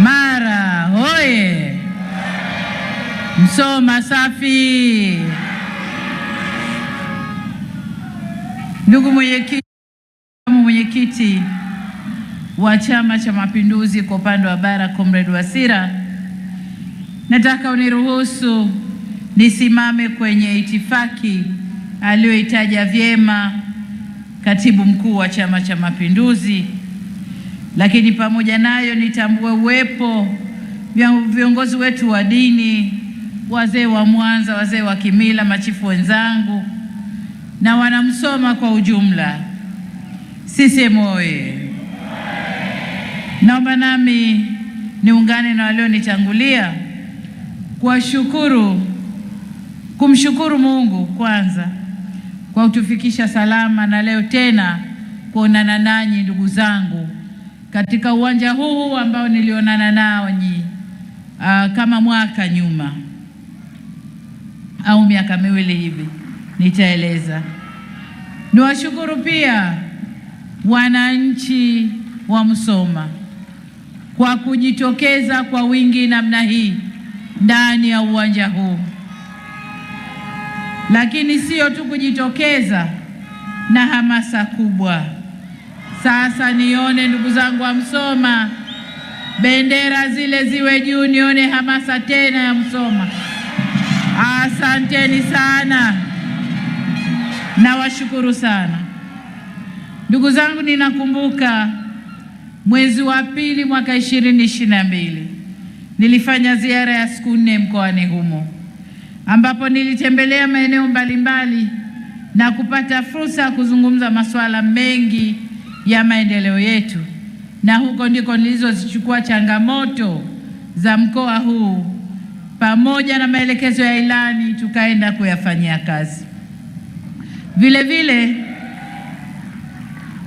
Mara hoye! Msoma safi! Ndugu mwenyekiti, mwenyekiti wa Chama cha Mapinduzi kwa upande wa bara, Comrade Wasira, nataka uniruhusu nisimame kwenye itifaki aliyoitaja vyema katibu mkuu wa Chama cha Mapinduzi lakini pamoja nayo nitambue uwepo viongozi wetu wa dini, wazee wa Mwanza, wazee wa kimila, machifu wenzangu na wanamsoma kwa ujumla. CCM oye! Naomba nami niungane na walionitangulia kuwashukuru, kumshukuru Mungu kwanza kwa kutufikisha salama na leo tena kuonana nanyi ndugu zangu katika uwanja huu ambao nilionana nao nyi ah, kama mwaka nyuma au miaka miwili hivi, nitaeleza. Niwashukuru pia wananchi wa Msoma kwa kujitokeza kwa wingi namna hii ndani ya uwanja huu, lakini sio tu kujitokeza na hamasa kubwa sasa nione ndugu zangu wa Msoma, bendera zile ziwe juu, nione hamasa tena ya Msoma. Asanteni sana, nawashukuru sana ndugu zangu. Ninakumbuka mwezi wa pili mwaka ishirini ishirini na mbili nilifanya ziara ya siku nne mkoani humo ambapo nilitembelea maeneo mbalimbali na kupata fursa ya kuzungumza masuala mengi ya maendeleo yetu, na huko ndiko nilizozichukua changamoto za mkoa huu pamoja na maelekezo ya ilani tukaenda kuyafanyia kazi. Vile vile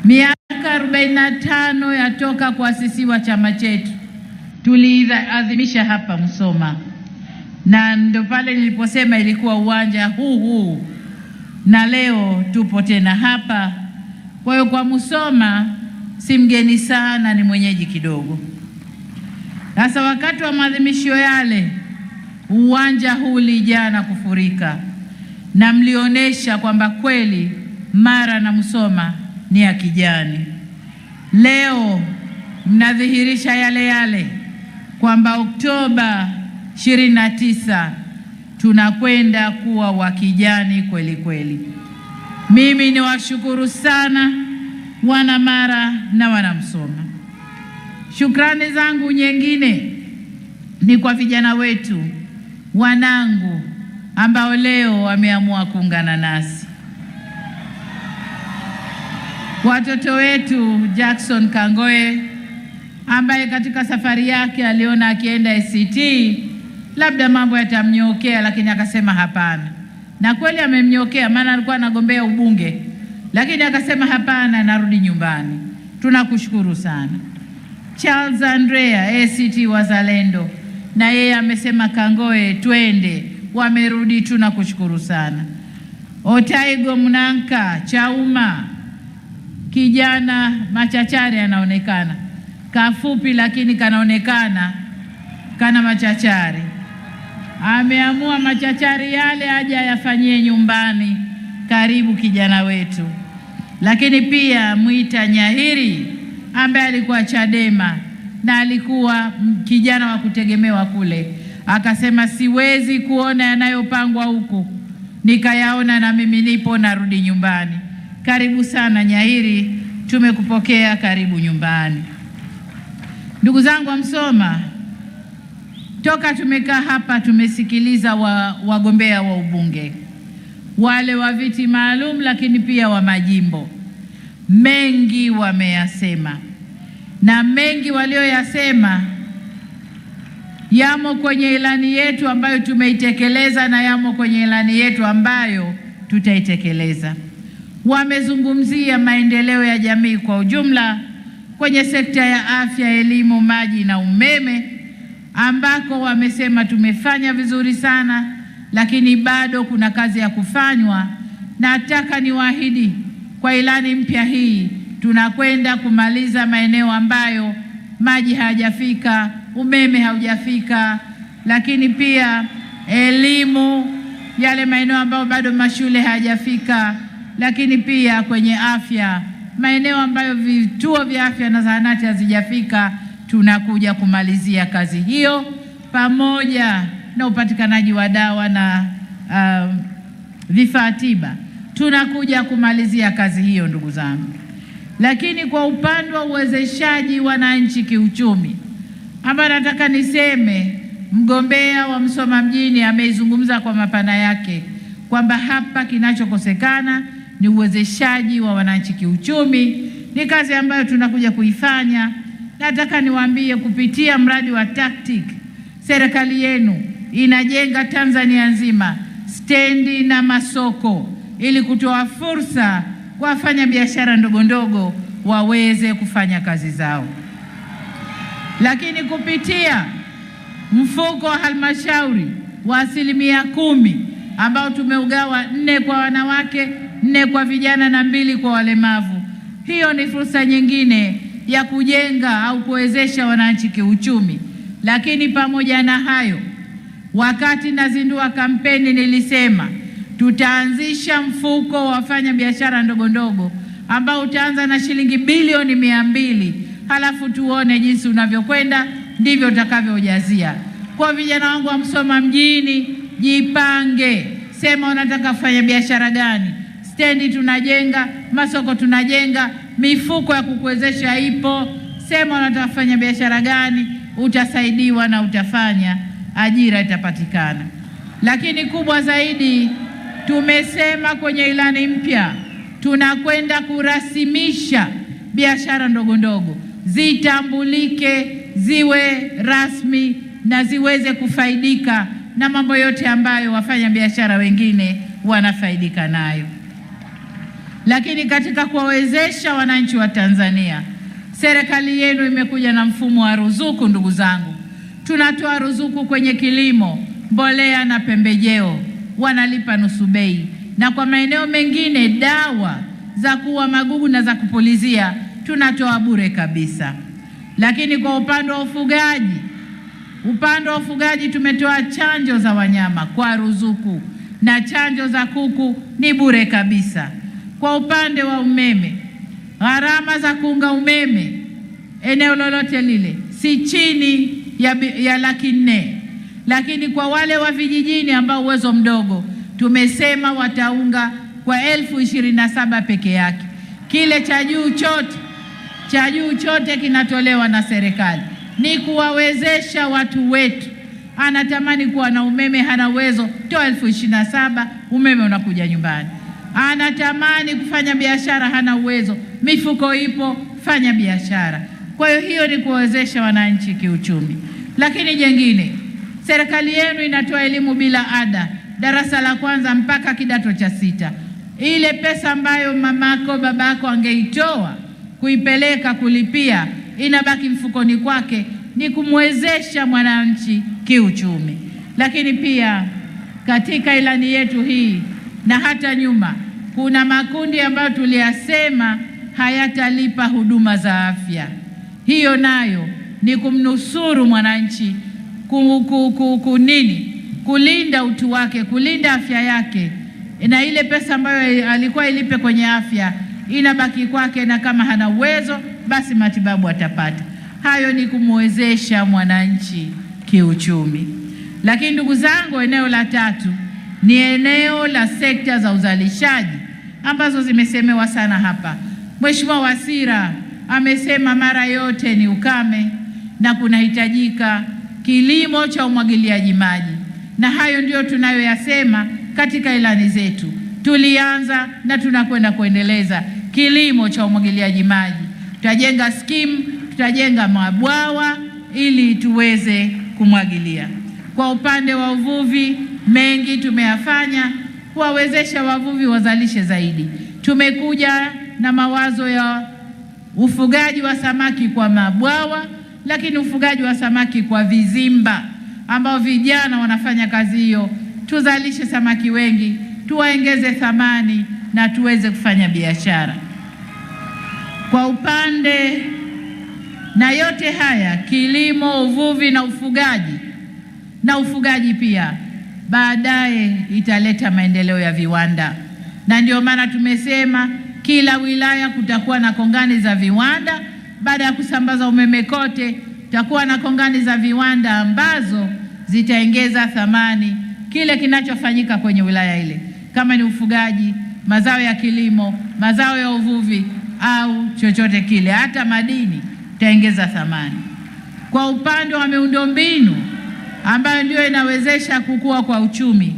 miaka 45 yatoka kuasisiwa chama chetu tuliadhimisha hapa Musoma, na ndo pale niliposema ilikuwa uwanja huu huu, na leo tupo tena hapa kwa hiyo kwa Musoma si mgeni sana, ni mwenyeji kidogo. Sasa wakati wa maadhimisho yale, uwanja huu ulijaa na kufurika, na mlionyesha kwamba kweli Mara na Musoma ni ya kijani. Leo mnadhihirisha yale yale kwamba Oktoba 29 tunakwenda kuwa wa kijani kweli kweli. Mimi ni washukuru sana wana Mara na Wanamsoma. Shukrani zangu nyingine ni kwa vijana wetu wanangu ambao leo wameamua kuungana nasi, watoto wetu Jackson Kangoe ambaye katika safari yake aliona akienda ACT labda mambo yatamnyokea, lakini akasema hapana, na kweli amemnyokea, maana alikuwa anagombea ubunge, lakini akasema hapana, narudi nyumbani. Tunakushukuru sana. Charles Andrea ACT Wazalendo na yeye amesema Kangoe twende, wamerudi, tunakushukuru sana. Otaigo Mnanka Chauma, kijana machachari anaonekana, kafupi lakini kanaonekana kana machachari ameamua machachari yale aje ayafanyie nyumbani. Karibu kijana wetu. Lakini pia Mwita Nyahiri ambaye alikuwa Chadema na alikuwa kijana wa kutegemewa kule, akasema siwezi kuona yanayopangwa huku nikayaona na mimi nipo, narudi nyumbani. Karibu sana Nyahiri, tumekupokea, karibu nyumbani. Ndugu zangu wa Msoma, Toka tumekaa hapa tumesikiliza wagombea wa, wa ubunge wale wa viti maalum, lakini pia wa majimbo. Mengi wameyasema na mengi walioyasema yamo kwenye ilani yetu ambayo tumeitekeleza na yamo kwenye ilani yetu ambayo tutaitekeleza. Wamezungumzia maendeleo ya jamii kwa ujumla kwenye sekta ya afya, elimu, maji na umeme ambako wamesema tumefanya vizuri sana, lakini bado kuna kazi ya kufanywa. Nataka niwaahidi kwa ilani mpya hii tunakwenda kumaliza maeneo ambayo maji hayajafika, umeme haujafika, lakini pia elimu, yale maeneo ambayo bado mashule hayajafika, lakini pia kwenye afya, maeneo ambayo vituo vya afya na zahanati hazijafika tunakuja kumalizia kazi hiyo pamoja na upatikanaji wa dawa na uh, vifaa tiba. Tunakuja kumalizia kazi hiyo ndugu zangu. Lakini kwa upande wa uwezeshaji wananchi kiuchumi, hapa nataka niseme mgombea wa Msoma mjini ameizungumza kwa mapana yake kwamba hapa kinachokosekana ni uwezeshaji wa wananchi kiuchumi. Ni kazi ambayo tunakuja kuifanya Nataka niwaambie kupitia mradi wa TACTIC serikali yenu inajenga Tanzania nzima stendi na masoko ili kutoa fursa kwa wafanya biashara ndogo ndogo waweze kufanya kazi zao. Lakini kupitia mfuko wa halmashauri wa asilimia kumi ambao tumeugawa nne kwa wanawake, nne kwa vijana na mbili kwa walemavu, hiyo ni fursa nyingine ya kujenga au kuwezesha wananchi kiuchumi. Lakini pamoja na hayo, wakati nazindua kampeni nilisema tutaanzisha mfuko wa wafanya biashara ndogo ndogo ambao utaanza na shilingi bilioni mia mbili halafu tuone jinsi unavyokwenda ndivyo utakavyojazia. Kwa vijana wangu wa Msoma mjini, jipange, sema unataka kufanya biashara gani. Stendi tunajenga, masoko tunajenga mifuko ya kukuwezesha ipo. Sema unataka kufanya biashara gani, utasaidiwa na utafanya, ajira itapatikana. Lakini kubwa zaidi, tumesema kwenye ilani mpya tunakwenda kurasimisha biashara ndogo ndogo, zitambulike, ziwe rasmi na ziweze kufaidika na mambo yote ambayo wafanya biashara wengine wanafaidika nayo lakini katika kuwawezesha wananchi wa Tanzania, serikali yenu imekuja na mfumo wa ruzuku. Ndugu zangu, tunatoa ruzuku kwenye kilimo, mbolea na pembejeo, wanalipa nusu bei, na kwa maeneo mengine dawa za kuua magugu na za kupulizia tunatoa bure kabisa. Lakini kwa upande wa ufugaji, upande wa ufugaji tumetoa chanjo za wanyama kwa ruzuku na chanjo za kuku ni bure kabisa. Kwa upande wa umeme, gharama za kuunga umeme eneo lolote lile si chini ya, ya laki nne, lakini kwa wale wa vijijini ambao uwezo mdogo tumesema wataunga kwa elfu ishirini na saba peke yake. Kile cha juu chote cha juu chote kinatolewa na serikali, ni kuwawezesha watu wetu. Anatamani kuwa na umeme, hana uwezo, toa elfu ishirini na saba umeme unakuja nyumbani anatamani kufanya biashara, hana uwezo, mifuko ipo, fanya biashara. Kwa hiyo hiyo ni kuwawezesha wananchi kiuchumi. Lakini jengine, serikali yenu inatoa elimu bila ada, darasa la kwanza mpaka kidato cha sita. Ile pesa ambayo mamako babako angeitoa kuipeleka kulipia inabaki mfukoni kwake, ni kumwezesha mwananchi kiuchumi. Lakini pia katika ilani yetu hii na hata nyuma kuna makundi ambayo tuliyasema hayatalipa huduma za afya. Hiyo nayo ni kumnusuru mwananchi kunini, kulinda utu wake, kulinda afya yake, na ile pesa ambayo alikuwa ilipe kwenye afya inabaki kwake, na kama hana uwezo basi matibabu atapata. Hayo ni kumwezesha mwananchi kiuchumi. Lakini ndugu zangu, eneo la tatu ni eneo la sekta za uzalishaji ambazo zimesemewa sana hapa. Mheshimiwa Wasira amesema mara yote ni ukame na kunahitajika kilimo cha umwagiliaji maji, na hayo ndiyo tunayoyasema katika ilani zetu. Tulianza na tunakwenda kuendeleza kilimo cha umwagiliaji maji. Tutajenga skimu, tutajenga mabwawa ili tuweze kumwagilia. Kwa upande wa uvuvi, mengi tumeyafanya kuwawezesha wavuvi wazalishe zaidi. Tumekuja na mawazo ya ufugaji wa samaki kwa mabwawa, lakini ufugaji wa samaki kwa vizimba ambao vijana wanafanya kazi hiyo. Tuzalishe samaki wengi, tuwaongeze thamani na tuweze kufanya biashara kwa upande. Na yote haya kilimo, uvuvi na ufugaji na ufugaji pia baadaye italeta maendeleo ya viwanda, na ndio maana tumesema kila wilaya kutakuwa na kongani za viwanda. Baada ya kusambaza umeme kote, tutakuwa na kongani za viwanda ambazo zitaongeza thamani kile kinachofanyika kwenye wilaya ile, kama ni ufugaji, mazao ya kilimo, mazao ya uvuvi au chochote kile, hata madini itaongeza thamani. Kwa upande wa miundombinu ambayo ndio inawezesha kukua kwa uchumi.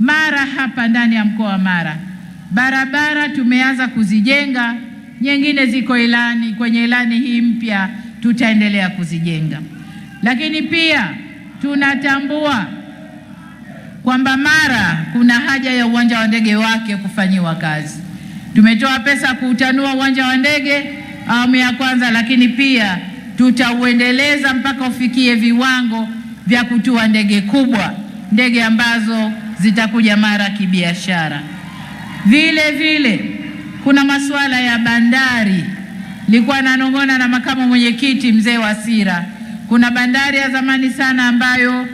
Mara hapa ndani ya mkoa wa Mara barabara tumeanza kuzijenga, nyingine ziko ilani, kwenye ilani hii mpya tutaendelea kuzijenga. Lakini pia tunatambua kwamba Mara kuna haja ya uwanja wa ndege wake kufanyiwa kazi. Tumetoa pesa kuutanua uwanja wa ndege awamu ya kwanza, lakini pia tutauendeleza mpaka ufikie viwango vya kutua ndege kubwa, ndege ambazo zitakuja mara kibiashara. Vile vile kuna masuala ya bandari. Nilikuwa nanong'ona na makamu mwenyekiti mzee Wasira, kuna bandari ya zamani sana ambayo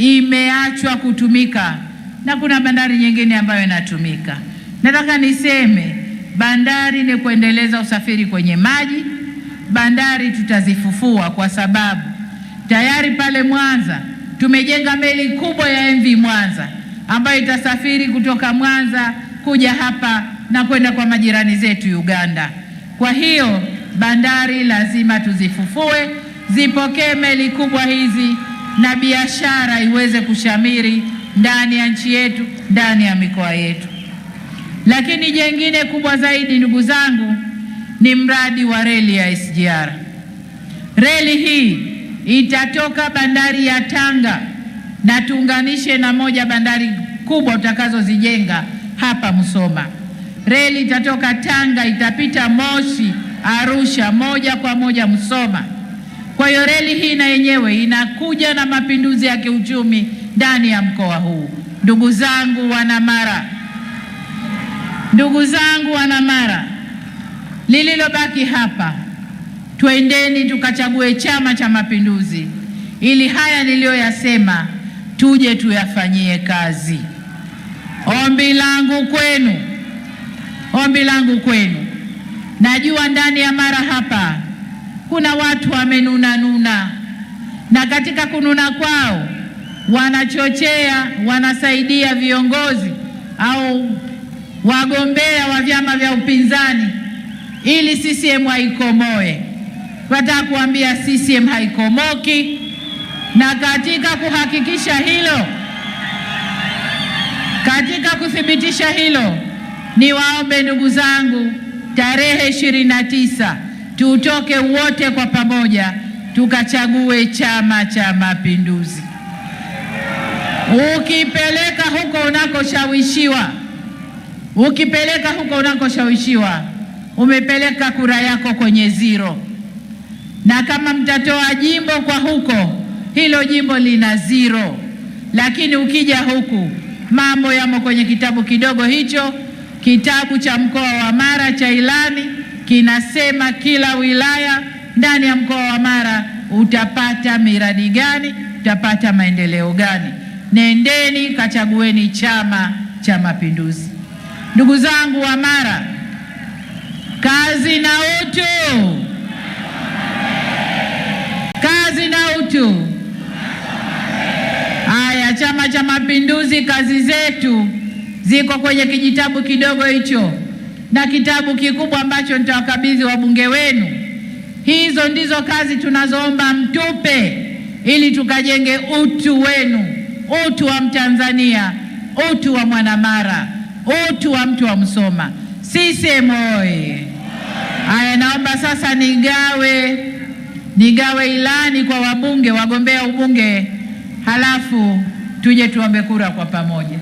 imeachwa kutumika na kuna bandari nyingine ambayo inatumika. Nataka niseme bandari ni kuendeleza usafiri kwenye maji. Bandari tutazifufua kwa sababu Tayari pale Mwanza tumejenga meli kubwa ya MV Mwanza ambayo itasafiri kutoka Mwanza kuja hapa na kwenda kwa majirani zetu Uganda. Kwa hiyo bandari lazima tuzifufue, zipokee meli kubwa hizi na biashara iweze kushamiri ndani ya nchi yetu, ndani ya mikoa yetu. Lakini jengine kubwa zaidi, ndugu zangu, ni mradi wa reli ya SGR. Reli hii itatoka bandari ya Tanga na tuunganishe na moja bandari kubwa utakazozijenga hapa Musoma. Reli itatoka Tanga itapita Moshi, Arusha, moja kwa moja Musoma. Kwa hiyo reli hii na yenyewe inakuja na mapinduzi ya kiuchumi ndani ya mkoa huu. Ndugu zangu Wanamara, ndugu zangu wana mara lililobaki hapa Twendeni tukachague Chama cha Mapinduzi ili haya niliyoyasema tuje tuyafanyie kazi. Ombi langu kwenu, ombi langu kwenu, najua ndani ya Mara hapa kuna watu wamenunanuna, na katika kununa kwao wanachochea, wanasaidia viongozi au wagombea wa vyama vya upinzani ili CCM haikomoe. Nataka kuambia CCM haikomoki, na katika kuhakikisha hilo, katika kuthibitisha hilo, niwaombe ndugu zangu, tarehe 29 tutoke wote kwa pamoja tukachague Chama cha Mapinduzi. Ukipeleka huko unakoshawishiwa, ukipeleka huko unakoshawishiwa, umepeleka kura yako kwenye ziro na kama mtatoa jimbo kwa huko, hilo jimbo lina zero, lakini ukija huku mambo yamo kwenye kitabu kidogo hicho. Kitabu cha mkoa wa Mara cha ilani kinasema kila wilaya ndani ya mkoa wa Mara utapata miradi gani, utapata maendeleo gani. Nendeni kachagueni Chama cha Mapinduzi. Ndugu zangu wa Mara, kazi na utu kazi na utu. Haya, Chama cha Mapinduzi, kazi zetu ziko kwenye kijitabu kidogo hicho na kitabu kikubwa ambacho nitawakabidhi wabunge wenu. Hizo ndizo kazi tunazoomba mtupe, ili tukajenge utu wenu, utu wa Mtanzania, utu wa Mwanamara, utu wa mtu wa Msoma. Sisi oye! Haya, naomba sasa nigawe nigawe ilani kwa wabunge wagombea ubunge, halafu tuje tuombe kura kwa pamoja.